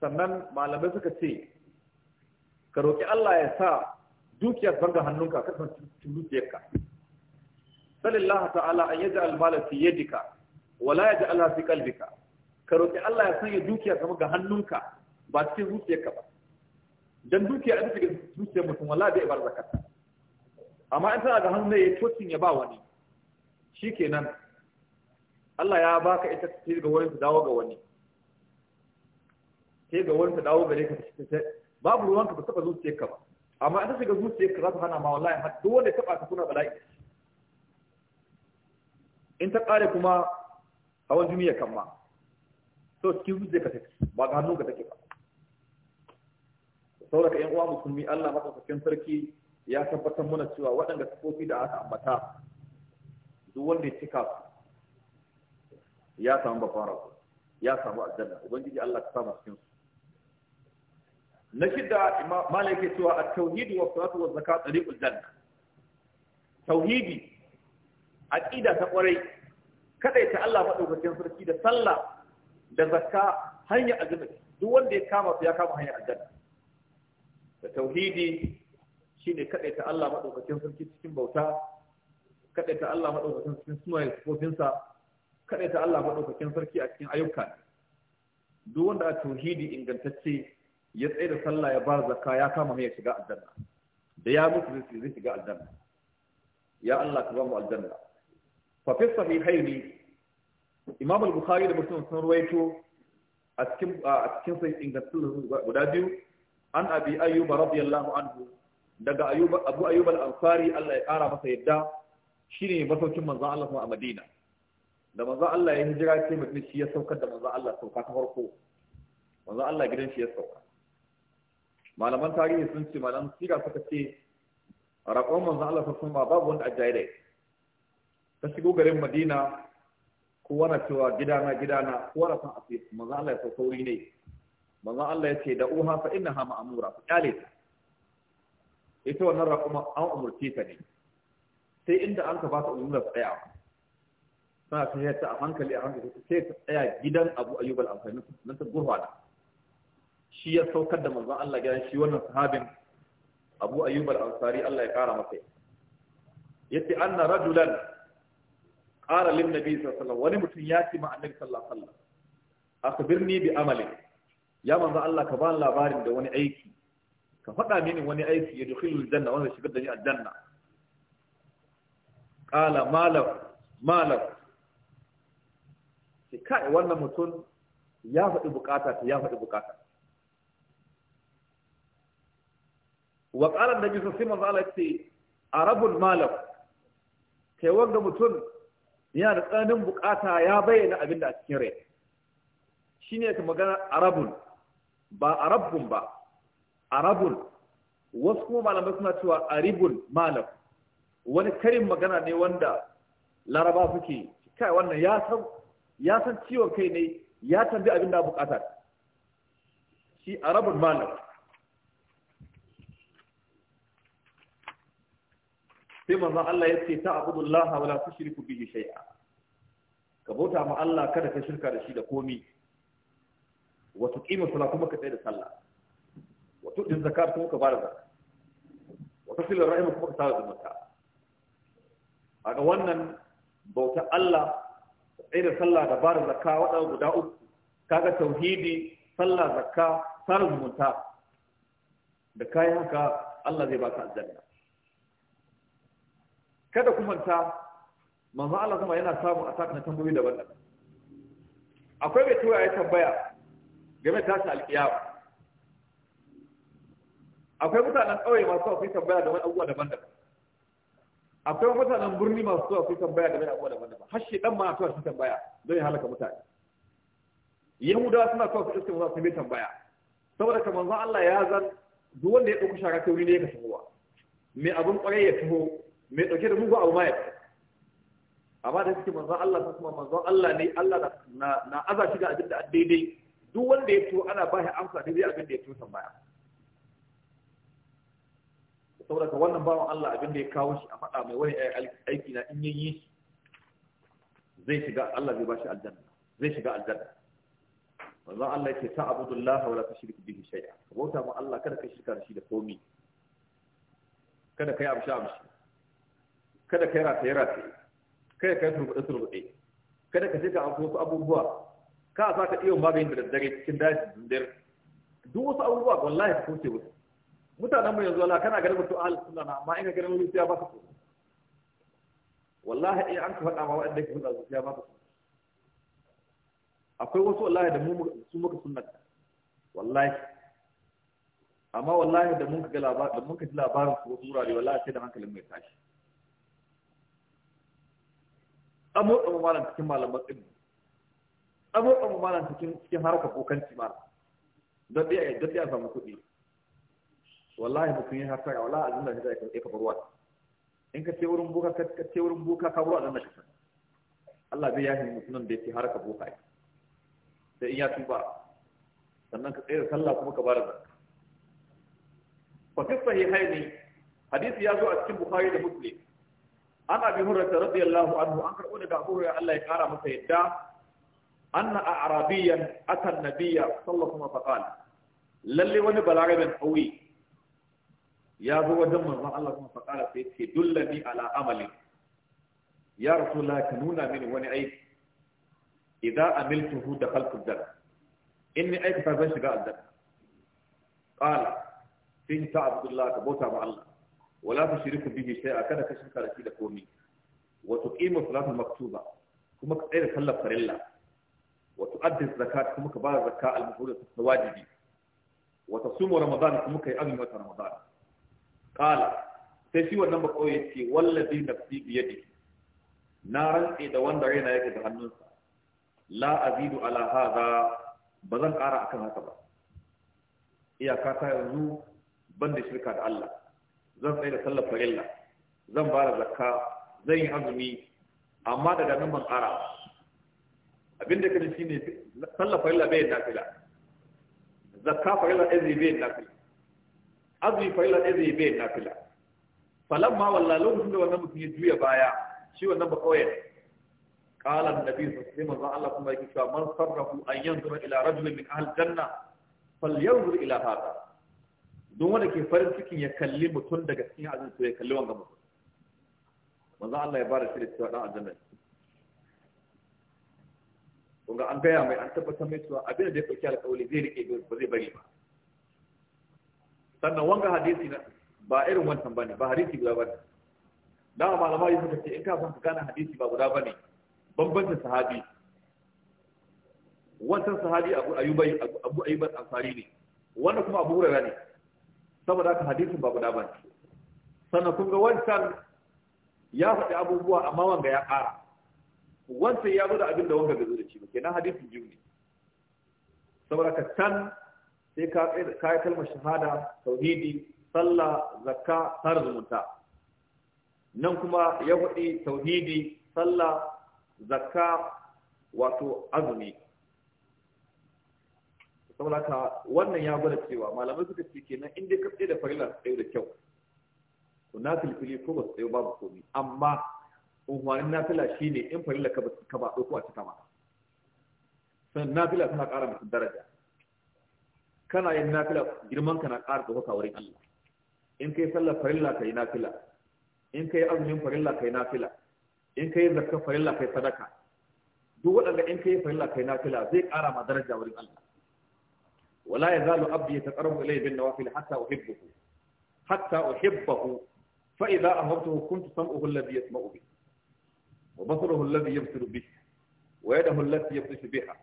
sannan malamai suka ce ka roki Allah ya sa dukiyar banga hannunka ka san dukiyarka sallallahu ta'ala an yaji mala fi yadika wala yaji Allah fi kalbika ka roki Allah ya sanya dukiya kama ga hannunka ba cikin zuciyarka ba dan dukiya a cikin zuciyar mutum wala da bar zakata amma in tana da hannu ne tocin ya ba wani shi kenan Allah ya baka ita ta ga wani ta dawo ga wani ta ga wani ta dawo gare ka babu ruwan ka ba taba ka ba amma in ta shiga ka za ta hana ma wallahi har duk wanda ya taba ka kuna bala'i in ta kare kuma hawan jini kan kama so cikin ka take ba ga ka take ba saboda ka yan uwa musulmi Allah madaukakin sarki ya tabbatar mana cewa waɗanda sifofi da aka ambata duk wanda ya cika su ya samu bafara ya samu aljanna ubangiji Allah ta samu cikin su na shidda malai ke cewa a Tauhidi wa salatu wa zakat tariqul janna tauhidi aqida ta kwarai ta Allah madaukakin sarki da sallah da zakka hanya aljanna duk wanda ya kama su ya kama hanya aljanna da tauhidi shine kaɗai ta Allah maɗaukacin sarki cikin bauta Kaɗaita ta Allah maɗaukacin cikin sunayen sifofinsa kaɗai ta Allah maɗaukacin sarki a cikin ayyuka duk wanda a tauhidi ingantacce ya tsaye da sallah ya ba zakka ya kama mai shiga aljanna da ya mutu zai shiga aljanna ya Allah ka ba mu aljanna fa fi sahihaini imam al-bukhari da muslim sun ruwaito a cikin a cikin sai ingantacce guda biyu an abi ayyuba radiyallahu anhu daga abu ayyub al-ansari Allah ya kara masa yadda shine masaukin manzon Allah a Madina da manzon Allah ya hijira ce mutum shi ya saukar da manzon Allah sauka ta farko manzon Allah gidan shi ya sauka malaman tarihi sun ce malaman sira suka ce raƙon manzon Allah sun ma babu wanda ajaye ta shigo garin Madina kowa na cewa gidana gidana kowa na san asiri manzon Allah ya sauka wuri ne manzon Allah ya ce da uha fa innaha ma'amura fa kyale ta ita wannan raƙuma an umurce ta ne sai inda an ka ba ta umurna tsaya suna ta yi a hankali a hankali sai ta tsaya gidan abu ayyub al-ansari nan ta gurfana shi ya saukar da manzon Allah gidan shi wannan sahabin abu ayyub al-ansari Allah ya kara masa yace anna rajulan qala lin nabi sallallahu alaihi wasallam wani mutum ya ce ma annabi sallallahu alaihi wasallam akbirni bi amali ya manzon Allah ka bani labarin da wani aiki ka faɗa mini wani aiki ya dukhilu janna wanda shigar da ni aljanna ƙala malam. malak ki kai wannan mutum ya faɗi bukata ta ya faɗi bukata wa qala annabi sallallahu alaihi wasallam ce arabul ta kai wanda mutum yana da tsananin bukata ya bayyana abin da a cikin rai shine ka magana arabun ba arabun ba arabun wasu kuma malamai suna cewa aribun malam wani karin magana ne wanda laraba suke kai wannan ya san ciwon kai ne ya tambi abin da bukatar shi arabun malam sai manzo Allah ya ce ta abudullah wa la tushriku bihi shay'a ka bauta ma Allah kada ka shirka da shi da komi wa tuqima salatu kuma tsaye da sallah tuɗin zakar kuma ka fara zakar wata filin ra'ayin kuma ka tara zumunta a ga wannan bauta Allah tsaye sallah da bar zakka waɗanda guda uku kaga tauhidi sallah zakka tara zumunta da kayan haka Allah zai baka aljanna kada kuma ta manzo Allah sama yana samu a sakan tambayoyi daban-daban akwai mai tuwa ya tambaya game da tashin alkiyama akwai mutanen ƙauye masu akwai tambaya da wani abubuwa daban-daban akwai mutanen birni masu akwai tambaya da wani abubuwa daban-daban har shi dan ma tuwa shi tambaya don ya halaka mutane yahudawa suna kawo su iska maza su mai tambaya saboda kamar manzo Allah ya zan duk wanda ya ɗauki shara tauri ne ya kashe kowa mai abin ƙwarai ya taho mai ɗauke da mugu abu ma ya taho amma da suke manzo Allah su kuma manzo Allah ne Allah na na aza shi ga abin da daidai duk wanda ya to ana ba shi amsa daidai abin da ya to tambaya saboda ka wannan bawan Allah abin da ya kawo shi a faɗa mai wani aiki na in yayi shi zai shiga Allah zai bashi aljanna zai shiga aljanna wannan Allah yake ta abudullah wala tushriku bihi shay'a bauta ma Allah kada ka shirka da shi da komi kada ka yi amshi amshi kada ka yi rataye rataye kada ka yi turbuɗe turbuɗe kada ka shirka wasu abubuwa ka sa ka iya babu yin da daddare cikin daji dindar duk wasu abubuwa wallahi ka kauce wasu mutanen mu yanzu Allah kana ganin mutu ahli sunna na amma in ka ganin mutum ya baka ka wallahi eh, an ka faɗa ma wanda ke faɗa zuciya ya baka so akwai wasu wallahi da mu su muka sunna wallahi amma wallahi da mun ka ga labarin da mun ka ji labarin su wasu wurare wallahi sai da hankalin mai tashi amo mu malam cikin malaman din amo mu malam cikin cikin harkar kokanci malam da dai don dai a samu kuɗi wallahi mutum ya hasara wallahi azin da zai ka kabarwa in ka ce wurin boka ka ce wurin boka ka barwa dan da kasa Allah bai yahi mutumin da yake ka boka yi sai in ya tuba sannan ka tsaya sallah kuma ka bar zakka fa fi sahihaini hadisi ya zo a cikin bukhari da muslim an abi hurairah radiyallahu anhu an karɓo daga abu hurairah Allah ya kara masa yadda anna a'rabiyan ata an-nabiyya sallallahu alaihi wasallam fa qala lalle wani balagabin qawi ya zo wajen manzon Allah kuma fa kala sai ce dullani ala amali. ya rasulullah ka nuna mini wani aiki idan amiltuhu da khalqu jar. in ni aikata zan shiga aljanna qala sai ta abdullah ka bauta ma Allah wala tushriku bihi shay'a kada ka shirka da shi da komai wa tuqimu salatul maktuba kuma ka tsaya sallar farilla wa tu'addi zakat kuma ka ba zakat al-mafruḍa wajibi wa tasumu ramadan kuma kai azumi wata ramadan kala sai shi wannan ba kauye ce wallazi nafsi bi yadi na rantsi da wanda raina yake da hannunsa la azidu ala hadha ba zan ƙara akan haka ba iyaka ta yanzu ban da shirka da Allah zan tsaya da sallar farilla zan ba da zakka zan yi azumi amma daga nan ban kara abinda da shine sallar farilla bai fila. zakka farilla ɗaya bai nafila azumi faila ɗaya zai bai na fila falon ma wallah lokacin da wannan mutum ya juya baya shi wannan ba kawai قال النبي صلى الله عليه وسلم الله ثم يكفى من صرف أن ينظر إلى رجل من أهل الجنة فلينظر إلى هذا دون أن يفرد سكين يكلم تندق سكين عزيز ويكلم عن غمه من ذا الله يبارك في الاتفاق الجنة وقال أن قيامي أن تبتمي سواء أبين ديك وكالك أولي ذيري كيبير sannan wanga hadisi na ba irin wancan bane ba hadisi guda bane da malama yi suka ce in ka san ka gane hadisi ba guda bane bambancin sahabi wancan sahabi abu ayyubai abu ayyuban ansari ne wanda kuma abu hurara ne saboda haka hadisin ba guda bane sannan kun ga wancan ya faɗi abubuwa amma wanga ya ƙara wancan ya zo da abin da wanga bai zo da shi ba kenan hadisin biyu ne saboda ka can sai ka kai kalmar shahada tauhidi sallah zakka har zumunta nan kuma ya faɗi tauhidi sallah zakka wato azumi saboda ka wannan ya gwada cewa malamai suka ce kenan in dai ka tsaye da farila su tsaye da kyau to na filfili ko ba su tsaye babu komi amma umarnin shi shine in farila ka ba ɗauko a cika ma sannan na fila tana ƙara mutum daraja kana yin nafila girman ka na ƙara da ɗaukaka wurin Allah in kai sallar farilla kai nafila in kai azumin farilla kai nafila in kai zakka farilla kai sadaka duk waɗanda in kai farilla kai nafila zai ƙara ma daraja wurin Allah wala yazalu abdi yataqarrabu ilayya bin nawafil hatta uhibbuhu hatta uhibbahu fa idza ahbabtuhu kuntu sam'uhu alladhi yasma'u bihi wa basaruhu alladhi yabsiru bihi wa yadahu allati yabtishu biha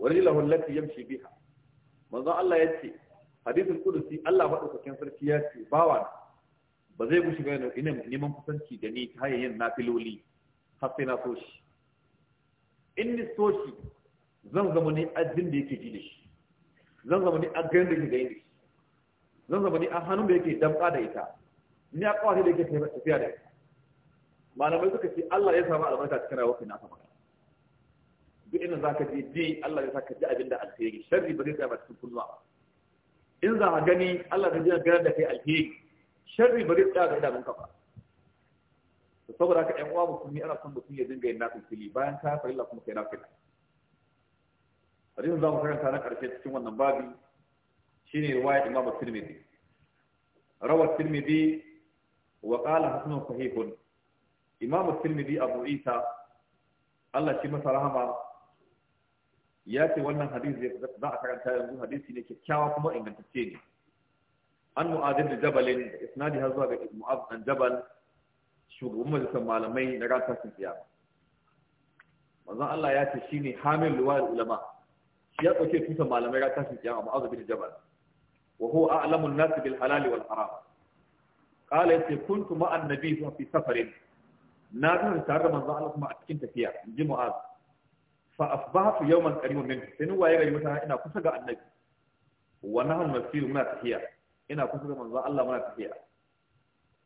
wa rijluhu allati yamshi biha manzon Allah ya ce hadisin kudusi Allah maɗaukakin sarki ya ce bawa ba zai gushi ga ina neman kusanci da ni ta yin filoli har sai na so shi in ni so shi zan zama ni addin da yake ji da shi zan zama ni aggan da yake gani da shi zan zama ni a hannun da yake damƙa da ita ni a kawai da yake tafiya da ita malamai suka ce Allah ya samu albarka cikin rayuwar kai na ta maka duk inda zaka je ji Allah ya saka ji abinda alheri sharri ba zai tsaya ba kunnuwa ba. in za ka gani Allah zai gina da kai alheri sharri ba zai tsaya ga idanun ka ba saboda haka ƴan uwa musulmi ana son mutum ya dinga yin nafili bayan ka farilla kuma kai nafila hadisin za mu karanta na ƙarshe cikin wannan babi shine riwayat Imam Tirmidhi rawa Tirmidhi wa qala hasanun sahihun Imam Tirmidhi Abu Isa Allah shi masa rahama ya ce wannan hadisi za a karanta yanzu hadisi ne kyakkyawa kuma ingantacce ne an mu'adin da jabalin isnadi har zuwa ga mu'ad an jabal shugaban majalisar malamai na ranar tashin kiyama manzon Allah ya ce shine hamil luwal ulama shi ya dauke tutar malamai ranar tashin kiyama mu'ad bin jabal wa huwa a'lamu an-nas bil halal wal haram qala yace kuntu ma'an nabiy fi safarin na tare da manzon Allah kuma a cikin tafiya inji mu'ad fa asbahtu yawman qaribun min sai ni waye gari mutane ina kusa ga annabi wa nahnu nasiru muna tafiya ina kusa ga manzon Allah muna tafiya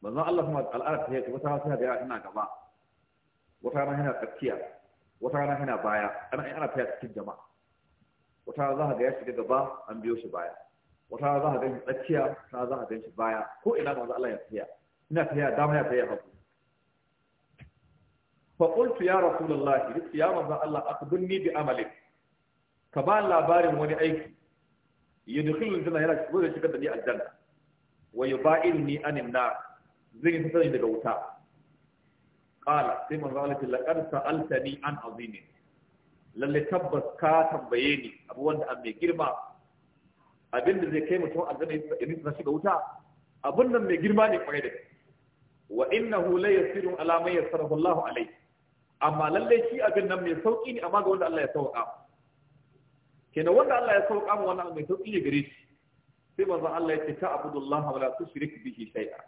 manzon Allah kuma al'ada tafiya wata sai ga ina gaba wata rana yana tsakiya wata rana yana baya ana ana tafiya cikin jama'a wata rana za ka ga ya shiga gaba an biyo shi baya wata rana za ka ga shi tsakiya wata rana za ka ga shi baya ko ina manzon Allah ya tafiya ina tafiya dama ya tafiya hagu fa ya rasulullahi yace ya maza Allah akbirni bi amalik ka ba labarin wani aiki yadkhulu aljanna yana shigo da shigar da ni aljanna wa yubailni anin nar zai yi tsari daga wuta qala sai manzon Allah laqad sa'altani an azimin lalle tabbas ka tambaye ni abu wanda an girma abin zai kai mutum aljanna idan ta shiga wuta abun nan mai girma ne kwarai da wa innahu la yasiru ala man yassarahu Allah amma lallai shi abin nan mai sauƙi ne amma ga wanda Allah ya sauka kenan wanda Allah ya sauka mu wannan mai sauƙi ne gare shi sai manzon Allah ya ce ta abudullahi wala tushrik bihi shay'a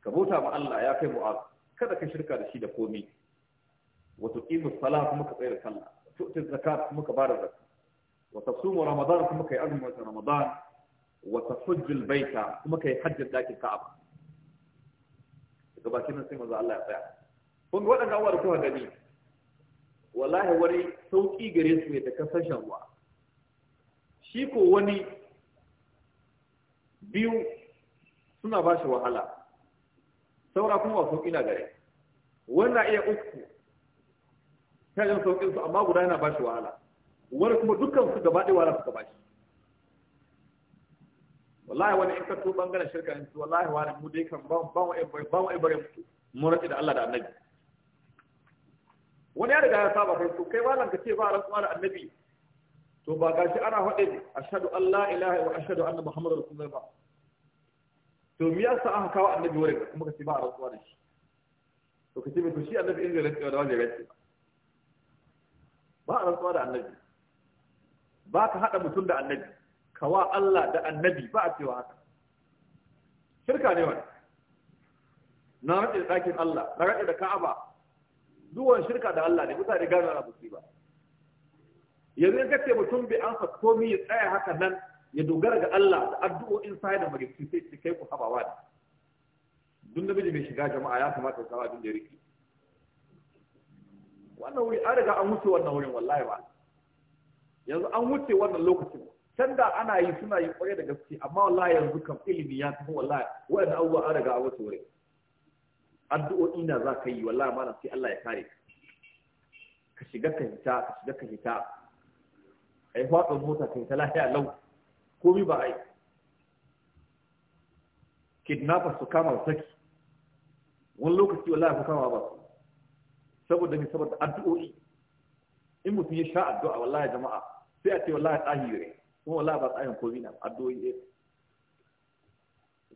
ka bauta ma Allah ya kai mu'az kada ka shirka da shi da komai wa tuqimu salat kuma ka tsaya sallah tu'ti zakat kuma ka bada zakat wa tasumu ramadan kuma kai azumi wata ramadan wa tahujjul baita kuma kai hajjar dakin ka'aba daga bakin nan sai manzon Allah ya tsaya kun waɗanda abubuwa da kuma gani wallahi wani sauƙi gare su ne da kasashen ruwa shi ko wani biyu suna ba shi wahala saura kuma wasu sauƙi na gare na iya uku ta jan sauƙin su amma guda yana ba shi wahala wani kuma dukkan su gaba ɗaya wahala suka ba shi wallahi wani in ka to bangaren shirka yanzu wallahi wani mu dai kan ba mu ba mu bare mu da Allah da Annabi wani ya riga ya saba kai to kai malam ka ce ba rantsuwa da annabi to ba gashi ana faɗin ashhadu an la ilaha wa ashhadu anna muhammadar rasulullah ba to me yasa aka kawo annabi wurin kuma ka ce ba rantsuwa da shi to ka ce to shi annabi in zai rantsuwa da wani rantsuwa ba rantsuwa da annabi ba ka haɗa mutum da annabi kawa Allah da annabi ba a cewa haka shirka ne wani na rantsa da ɗakin Allah na rantsa da Ka'aba duwan shirka da Allah ne mutane gano ana musu ba yanzu in kace mutum bai amsa komi ya tsaya haka nan ya dogara ga Allah da addu'o'in sai da magabci sai ki kai ku habawa ne dun namiji bai shiga jama'a ya kamata ya tsawa abin da ya riki wannan wuri an riga an wuce wannan wurin wallahi ba yanzu an wuce wannan lokacin can da ana yi suna yi kwarai da gaske amma wallahi yanzu kam ilimi ya tafi wallahi wa'anda abubuwa an riga an wuce wurin addu'o'i na za ka yi wallahi malam sai Allah ya kare ka shiga ka fita, ka shiga ka hita ai hwatsa mota ka ta lafiya lau komai ba ai kidnappers su kama saki wani lokaci wallahi ku kama ba su saboda ne saboda addu'o'i in mutum ya sha addu'a wallahi jama'a sai a ce wallahi tsahire kuma wallahi ba tsahin komai na addu'o'i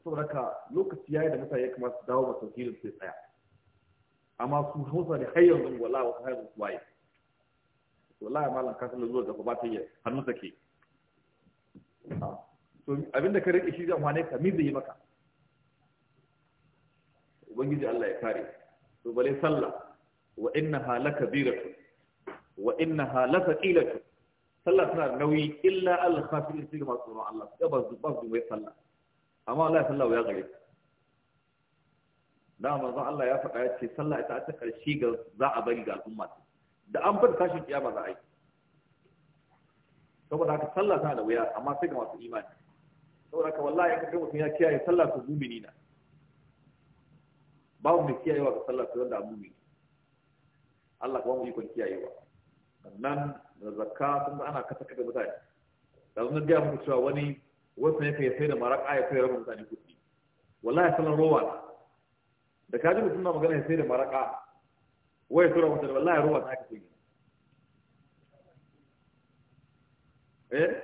saboda haka lokaci yayi da mutane ya kamata su dawo ba tauhidin sai tsaya amma su hausa ne har yanzu wallahi wasu har yanzu waye wallahi malam ka san zuwa gaba ba ta yi hannu take to abinda ka rike shi zan wane ka mi zai yi maka ubangiji Allah ya kare to bale sallah wa innaha lakabiratu wa innaha lathqilatu sallah tana nauyi illa al-khafirin sai masu tsoron Allah ba su ba su sallah amma Allah ya sallah ya gare da manzon Allah ya faɗa ya ce sallah ita ta ƙarshe ga za a bari ga al'umma da an bar tashin kiyama za a yi saboda haka sallah tana da wuya amma sai ga masu imani saboda haka wallahi in kaga mutum ya kiyaye sallah to mumini na babu mai kiyayewa ga sallah to wanda mumini Allah ka ba mu ikon kiyayewa sannan da zakka sun ana kasa kada mutane da mun gaya muku cewa wani wasu ne kai sai da maraka ya sai rabin mutane kuɗi wallahi sanan rowa da kaji mutum na magana ya sai da maraka wai sura mutane wallahi rowa ta haka sai eh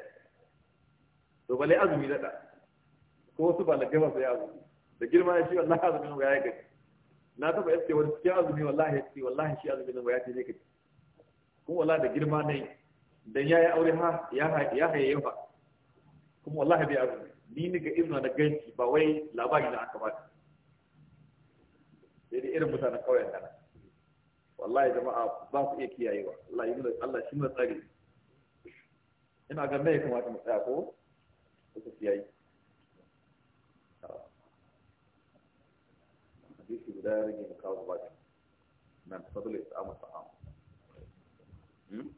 to bale azumi da ko wasu ba lafiya sai azumi da girma ya shi wallahi azumi ya yi gaji na taba yace wani cikin azumi wallahi yace wallahi shi azumi nan ya ce ne kaji kuma wallahi da girma ne dan yayi aure ha ya ya haye ba kuma wallahi bai azumi ni ni ga izina na ganci ba wai labari na aka bada sai dai irin mutanen kauyen nan wallahi jama'a ba ku iya kiyayewa Allah yi Allah shi mu tsare ina ga mai kamata mu tsaya ko ku kiyaye hadisi guda ya rage mu kawo ba nan fadlu isamu ta'am hmm?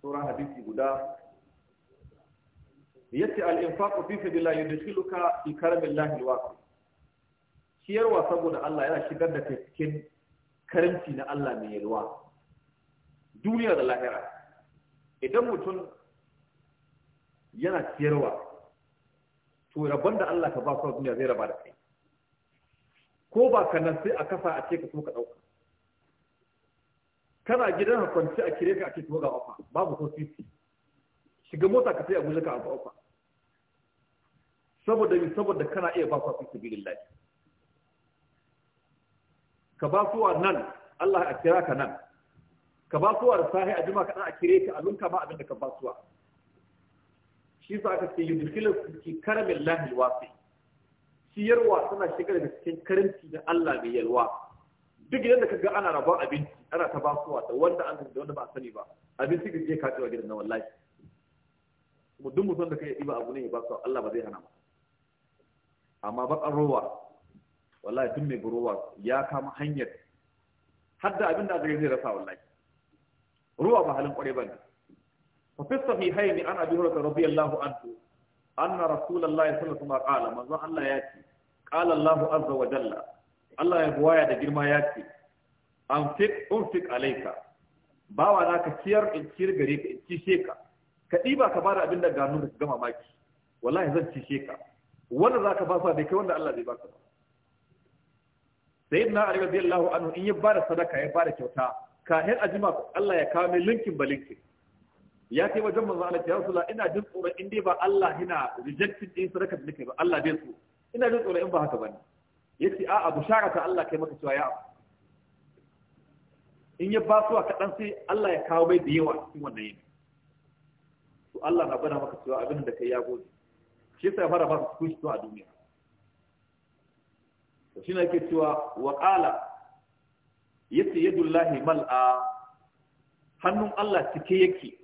sauran hadisi guda yace al-infaqu fi sabilillah yudkhiluka fi karamillahi al-waqi ciyarwa saboda Allah yana shigar da kai cikin karanci na Allah mai yalwa duniya da lahira idan mutum yana ciyarwa to rabon da Allah ka ba su duniya zai raba da kai ko ba ka nan sai a kafa a ce ka so ka dauka kana gidan kwanci a kire ka a ce to ga ofa babu ko sisi shiga mota ka sai a guje ka abu ofa saboda mi saboda kana iya ba su sabilillah ka ba su nan Allah a kira ka nan ka ba su da sahi a jima kaɗan a kire ka a lunka ma abin da ka ba su shi sa aka ce yudkhilu fi karamin lahil shi yarwa tana shiga daga cikin karanci da Allah mai yalwa duk idan da ka ga ana rabon abinci ana ta ba su da wanda an da wanda ba a sani ba abinci ga je ka tsawa gidan na wallahi mu duk mutum da kai ba abu ne ya ba su Allah ba zai hana ba amma baƙar ruwa, wallahi tun mai rowa ya kama hanyar hadda abin da zai rasa wallahi ruwa ba halin ƙwarai bane fa fi sahihaini an abi hurairah radiyallahu anhu anna rasulullahi sallallahu alaihi wasallam qala manzo Allah ya ce qala Allahu azza wa jalla Allah ya buwaya da girma ya ce anfiq unfiq alayka bawa na ka ciyar in ciyar gare ka in cishe ka ka ɗiba ka bada abin da da ka gama maki wallahi zan cishe ka wanda za ka basa bai kai wanda Allah zai basa ba Sayyid na ali radiyallahu anhu in ya bada sadaka ya bada kyauta kahin ajima Allah ya kawo mai linkin ba linkin ya kai wajen manzo Allah ya rasulullah ina jin tsoron in dai ba Allah yana rejected din sadaka da nake ba Allah bai so ina jin tsoron in ba haka bane yace a'a bushara ta Allah kai maka cewa ya in ya ba su kaɗan sai Allah ya kawo mai da yawa cikin wannan yini to Allah na bada maka cewa abin da kai ya gode shi yasa ya fara ba su kushi a duniya to shi ne cewa wa qala yace yadullahi mal'a hannun Allah cike yake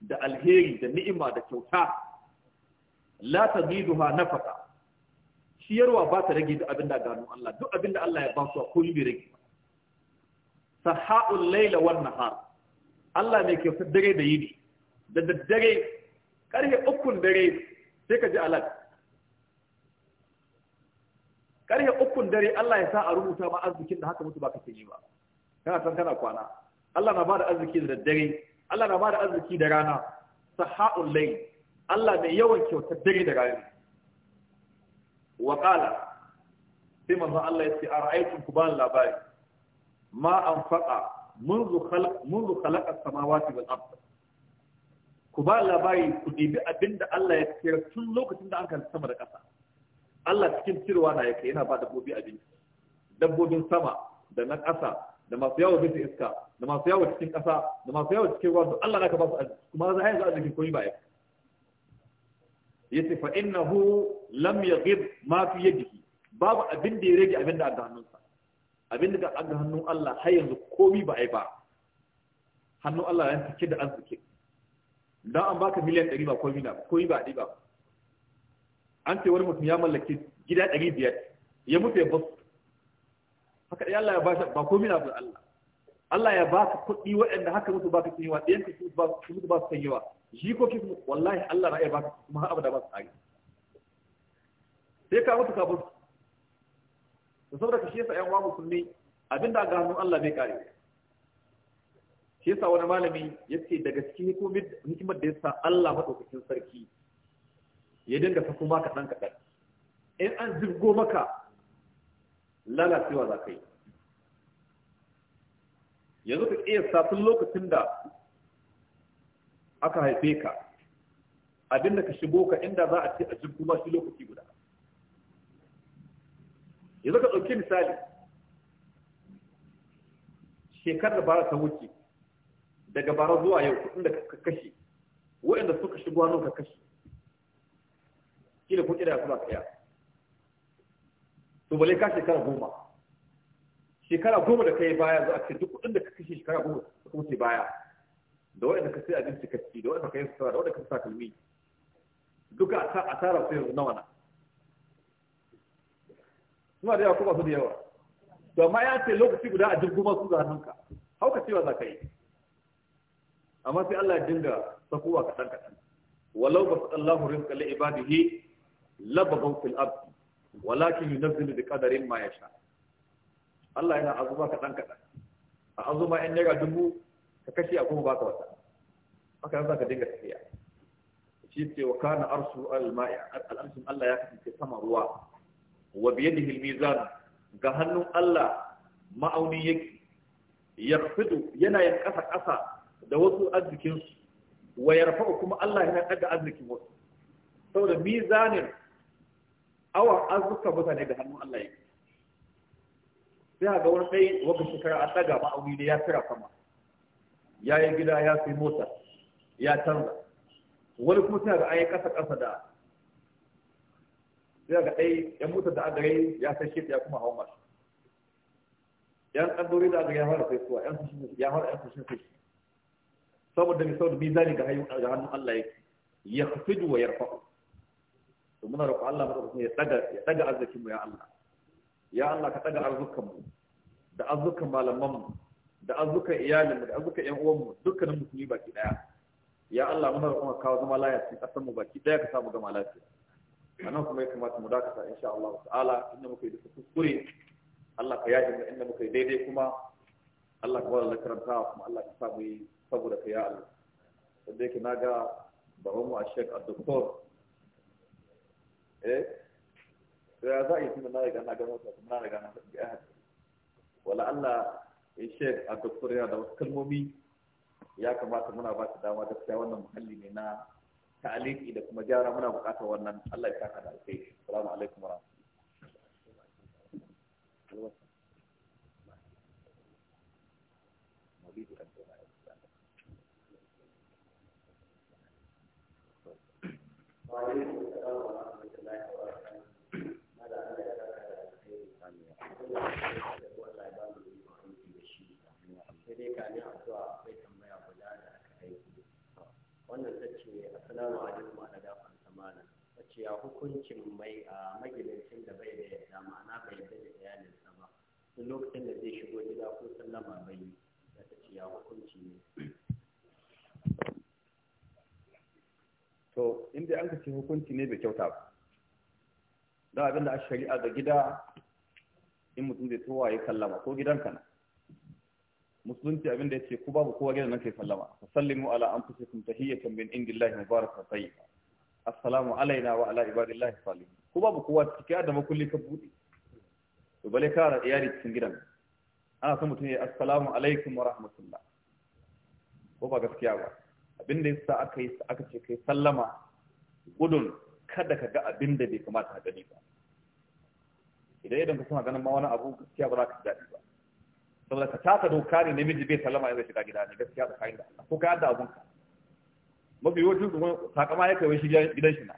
da alheri da ni'ima da kyauta la taziduha nafaka ciyarwa ba ta rage duk abin da gano Allah duk abin da Allah ya ba su ko bai rage sahaul laila wan nahar Allah ne ke dare da yini da daddare karfe ukun dare sai ka ji alat karhe ukun dare Allah ya sa a rubuta ma arzikin da haka mutu baka yi ba kana san kana kwana Allah na bada arziki da dare. Allah na bada arziki da rana sahaul layl Allah mai yawan kyautar dare da rana wa qala sai manzon Allah ya ce ara'aytum kuban labari ma anfaqa منذ خلق منذ خلق السماوات والارض ku ba labari ku ɗibi abin da Allah ya tsira tun lokacin da an kan sama da ƙasa Allah cikin cirwa na yake yana ba dabbobi abinci dabbobin sama da na ƙasa da masu yawo bisa iska da masu yawo cikin ƙasa da masu yawo cikin ruwa Allah na ka ba su arziki kuma za a yanzu arzikin koyi ba Ya ce fa innahu lam yaghib ma fi yadihi babu abin da ya rage abin da ga hannunsa abin da ga hannun Allah har yanzu komi ba a yi ba hannun Allah ya cike da arziki don an baka miliyan ɗari ba ko mina ko yi ba ɗari ba an ce wani mutum ya mallaki gida ɗari biyar ya mutu ya basu haka ɗaya Allah ya ba ba ko mina ba Allah Allah ya baka kuɗi waɗanda haka mutu baka sun yawa ɗayan ka su mutu ba su san yawa ko su wallahi Allah na iya baka kuma har abada ba su tsari sai ka mutu kafin su saboda ka shi yasa ‘yan wa musulmi abinda ga hannun Allah bai kare shi yasa wani malami ya ce daga cikin hikimar da ya sa Allah maɗaukakin sarki ya dinga sako ma kaɗan kaɗan in an zirgo maka lalacewa za ka yi yanzu ka iya safin lokacin da aka haife ka abin da ka shigo ka inda za a ce a jirgo ma shi lokaci guda yanzu ka ɗauki misali shekarar da bara ta wuce daga bara zuwa yau kudin da ka kashe waɗanda suka shigo hannun ka kashe kila kuɗi da kuma kaya to bale ka shekara goma shekara goma da kai baya za a ce duk kuɗin da ka kashe shekara goma ka wuce baya da waɗanda ka sai abinci ka ci da waɗanda ka yi sutura da waɗanda ka sa kalmi duka a tara su yanzu nawa na suna da yawa ko ba su da yawa to amma ya ce lokaci guda a jirgin su ga ka hauka cewa za ka yi amma sai Allah ya dinga sakowa kaɗan kaɗan walau ba su Allah rizqa li ibadihi labaghaw fil ard walakin yunzilu bi qadarin ma yasha Allah yana azuma kaɗan kaɗan a azuma in naira dubu ka kashe a kuma baka wata haka yanzu ka dinga tafiya shi ce wa kana arsu al-ma'i al-arsu Allah ya kasance sama ruwa wa biyadihi al-mizan ga hannun Allah ma'auni yake yakhfidu yana yin kasa kasa da wasu arzikinsu wa rafa kuma Allah yana ɗaga arzikin wasu saboda mizanin awa arzuka mutane da hannun Allah ya. sai ga wani kai wata shekara an daga ma'auni ne ya fira sama ya yi gida ya sai mota ya canza wani kuma sai ga an yi ƙasa-ƙasa da sai ga ɗai yan motar da aka yi ya sai shi ya kuma hawa mashi yan ƙadori da aka ya fara sai suwa yan sushin ya fara yan sushin sai saboda mai saboda mizani ga hannun Allah yake ya kufidu wa yarfa'u to muna roƙo Allah madaukakin ya daga ya daga arzikin mu ya Allah ya Allah ka daga arzukan mu da arzukan malaman mu da arzukan iyalin mu da arzukan ƴan uwan mu dukkanin musulmi baki daya ya Allah muna roƙon ka kawo zama lafiya cikin ƙasar mu baki daya ka samu gama lafiya anan kuma ya kamata mu dakata insha Allah ta'ala inda muka yi duka kuskure Allah ka yaji mu inda muka yi daidai kuma Allah ka bada lakarantawa kuma Allah ka samu mu yi saboda ka yi Allah wanda yake na ga babanmu a shek a doktor eh to ya za a yi tuna na riga na ga ta kuma na riga na ga ya wala Allah ya eh, shek a doktor yana da wasu kalmomi ya kamata muna ba ta dama gaskiya wannan muhalli ne na ta'aliki da kuma gyara muna buƙatar wannan Allah ya saka da alkai Salamu alaikum wa warahmatullahi wannan ta ce assalamu alaikum ala gafar samana ta ce ya hukuncin mai a magidancin da bai da yadda ma'ana bai yadda da iyalinsa ba duk lokacin da zai shigo gida ko sallama bai yi ta ya hukunci ne to inda an ka ce hukunci ne bai kyauta ba don abin da a shari'a ga gida in mutum zai towa ya sallama ko gidan kana musulunci abin da ya ce ku babu kowa gidan nan kai sallama fa sallimu ala anfusikum tahiyatan min indillahi mubarakatan tayyiba assalamu alaina wa ala ibadillahi salihin ku babu kowa cike da makulli ka bude to bale ka iyali cikin gidan ana son mutum ya assalamu alaikum wa rahmatullah ko ba gaskiya ba abin da yasa aka yi aka ce kai sallama gudun kada ka ga abin da bai kamata ka gani ba idan idan ka sama ganin ma wani abu gaskiya ba za ka ji daɗi ba saboda ka taka doka ne namiji bai sallama zai shiga gida ne gaskiya da kayan da Allah ko ka yadda abun ka mafi yawancin su takama ya kai shi gidan shi na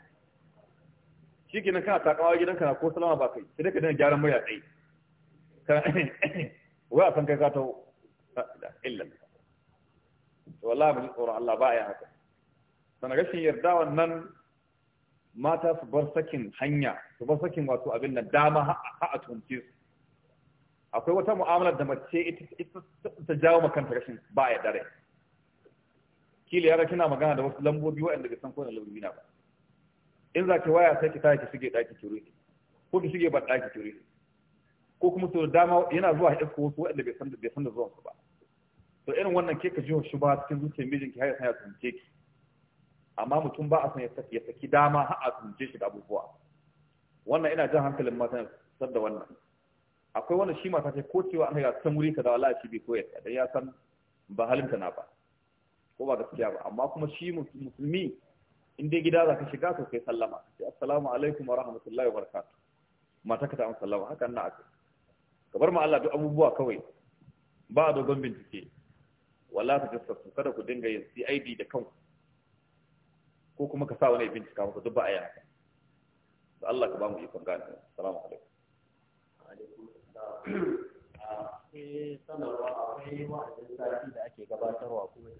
shi kenan kana takama gidan ka na ko sallama ba kai sai ka dina gyaran murya tsaye wai a san kai ka ta illa to wallahi mu ji tsoron Allah ba ya haka sana rashin yarda wannan mata su bar sakin hanya su bar sakin wato abin da dama ha a tunce su akwai wata mu'amalar da mace ita ta jawo makanta rashin ba ya dare kila yara kina magana da wasu lambobi waɗanda bai san ko da lambobi na ba in za ki waya sai ki tashi shige daki ki rufe ko ki shige ban daki ki rufe ko kuma to dama yana zuwa ya ko wasu waɗanda bai san da bai san da zuwan su ba to irin wannan ke ka jiwa shi ba cikin zuciyar mijinki har ya sanya tsince ki amma mutum ba a san ya saki dama har a tsince shi da abubuwa wannan ina jan hankalin matan san da wannan akwai wannan shi mata ce ko cewa an ga san wuri da wala shi bai koyar dan ya san ba halinka na ba ko ba gaskiya ba amma kuma shi musulmi in dai gida za ka shiga to kai sallama sai assalamu alaikum wa rahmatullahi wa barakatuh mata ka ta sallama hakan na aka kabar ma Allah duk abubuwa kawai ba a dogon bincike wala ta su, kada ku dinga yin CID da kanku ko kuma ka sa wani bincika maka duk ba a yi haka da Allah ka ba mu ikon gane salamu alaikum akwai eh, sanarwa akwai wa'azin sati da ake gabatarwa kuma